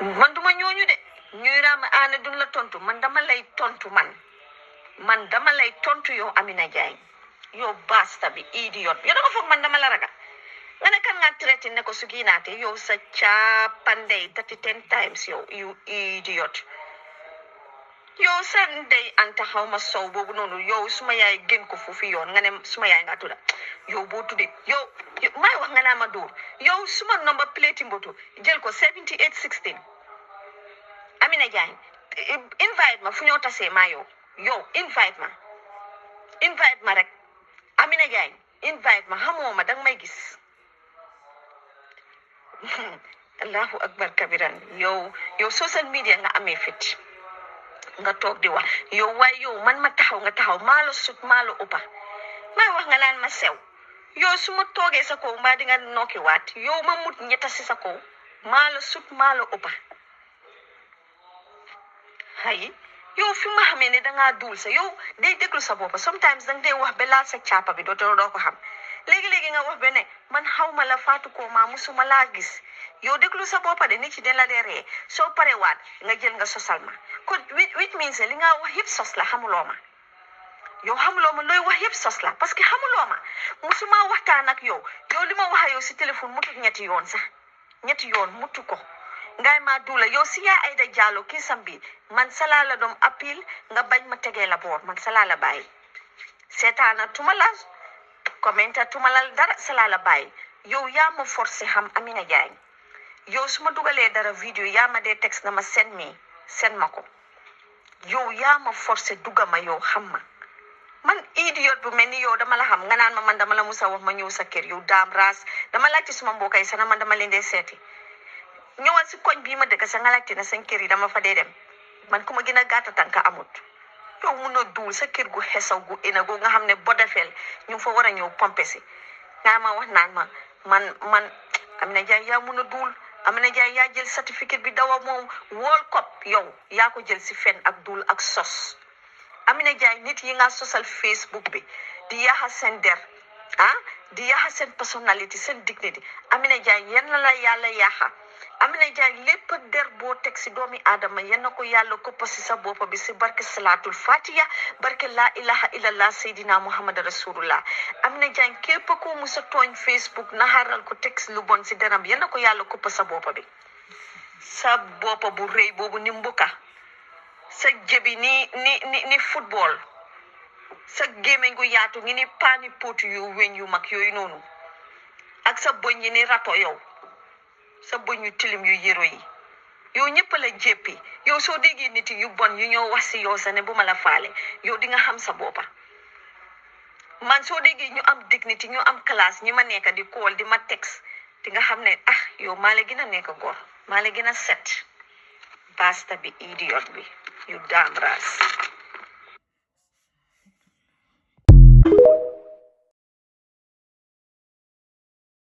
man duma ñooñu de ñuy raam aana ah, duñ la tontu man dama lay tontu man dama lay tontu yow Amina Jaay yow basta bi idiot yow da foog man dama la raga nga ne kan nga traité ne ko su yow sa caapandey thirty ten times yow you idiot yow sa ndey anta xaw ma sow boobu noonu yow suma yaay gén ko foofu yoon nga ne suma yaay nga tudda yow boo tuddee yow may wax nga naa ma dóor yow suma number plate mboto jël ko 78 16 Amina Diagne invite ma fu ñoo tasee maa yow yow invite ma invite ma rek Amina Diagne invite ma xamoo ma danga may gis allahu akbar kabiran yow yow social media nga amee fit nga toog di wax yow waaye yow man ma taxaw nga taxaw maa la sut maa la uppa wax nga naan ma sew yow su ma toogee sa kaw mbaa di nga waat yow ma mut ñetta si sa kaw maa la sut maa la ëppa hay yow fi ma xamee ne dangaa duul sa yow day déglu sa boppa sometimes danga day wax ba laal sa bi dootoo doo ko xam léegi-léegi nga wax ba ne man xaw ma la faatu ko maa musuma laa gis yow déglu sa boppa de ni ci den la dee ree soo parewaat nga jël nga sosal ma kon which which means li nga wax yëpp sos la xamuloo ma yow xamuloo ma looy wax yëpp sos la parce que xamuloo ma musuma waxtaan ak yow yow li ma wax ak yow si téléphone yoon sax ñetti yoon mutu ko ngaay maa yow si yaa Aida sam bi man salaa la doom appel nga bañ ma tegee la boor man salaa la bàyyi seetaana tuma la commenta tuma la dara salaa la bàyyi yow yaa ma forcé xam Amina Jaañ yow su ma dugalee dara vidéo yaa ma dee texte na ma seen mi send ma ko yow yaa ma forcé duga ma yow xam ma man idiot bu mel ni yow dama la xam nga naan ma man dama la musa wax ma ñëw sa kër yow daam raas dama laajte suma mbokk yi sax na man dama leen dee seeti ñëwal si koñ bii ma dëkk sa nga laajte ne seen kër yi dama fa dee dem man ku ma gën a gàtt tànka amut yow mun na duul sa kër gu xesaw gu ina gu nga xam ne bodafel ñu fa war a ñëw pompe si nga ma wax naan ma man man Amina Jaay yaa mun a duul Amina Jaay yaa jël certificat bi dawa moom wool kop yow yaa ko jël si fen ak duul ak sos Amina Jaay nit yi nga sosal Facebook bi di yaxa seen der ah di yaxa seen personnalité seen dignité Amina Jaay yenn la yàlla yaxa Amina Jaay lépp der boo teg si doomi aadama yenn ko yàlla koppa si sa boppa bi si barke salaatul fatiha barke laa ilaha illallah seydina muhammad rasulullah Amina Jaay képp ko musa tooñ Facebook naxaral ko teg lu bon si deram yenn ko yàlla koppa sa boppa bi sa boppa bu rëy boobu ni mbuka sa jëbi ni ni ni ni football sa gémmiñ gu yaatu ngi ni paani pot yu weñ yu mag yooyu noonu ak sa bëñ yi ni rato yow sa bëñ yu tilim yu yëro yi yow ñëpp la jéppi yow soo déggee nit yu bon yu ñoo wax si yow sa ne bu ma la faale yow di nga xam sa boppa man soo déggee ñu am dignity ñu am classe ñi ma nekk di kool di ma texte di nga xam ne ah yow maa la gën a nekk góor maa la gën a set basta bi idiot bi you damn rats.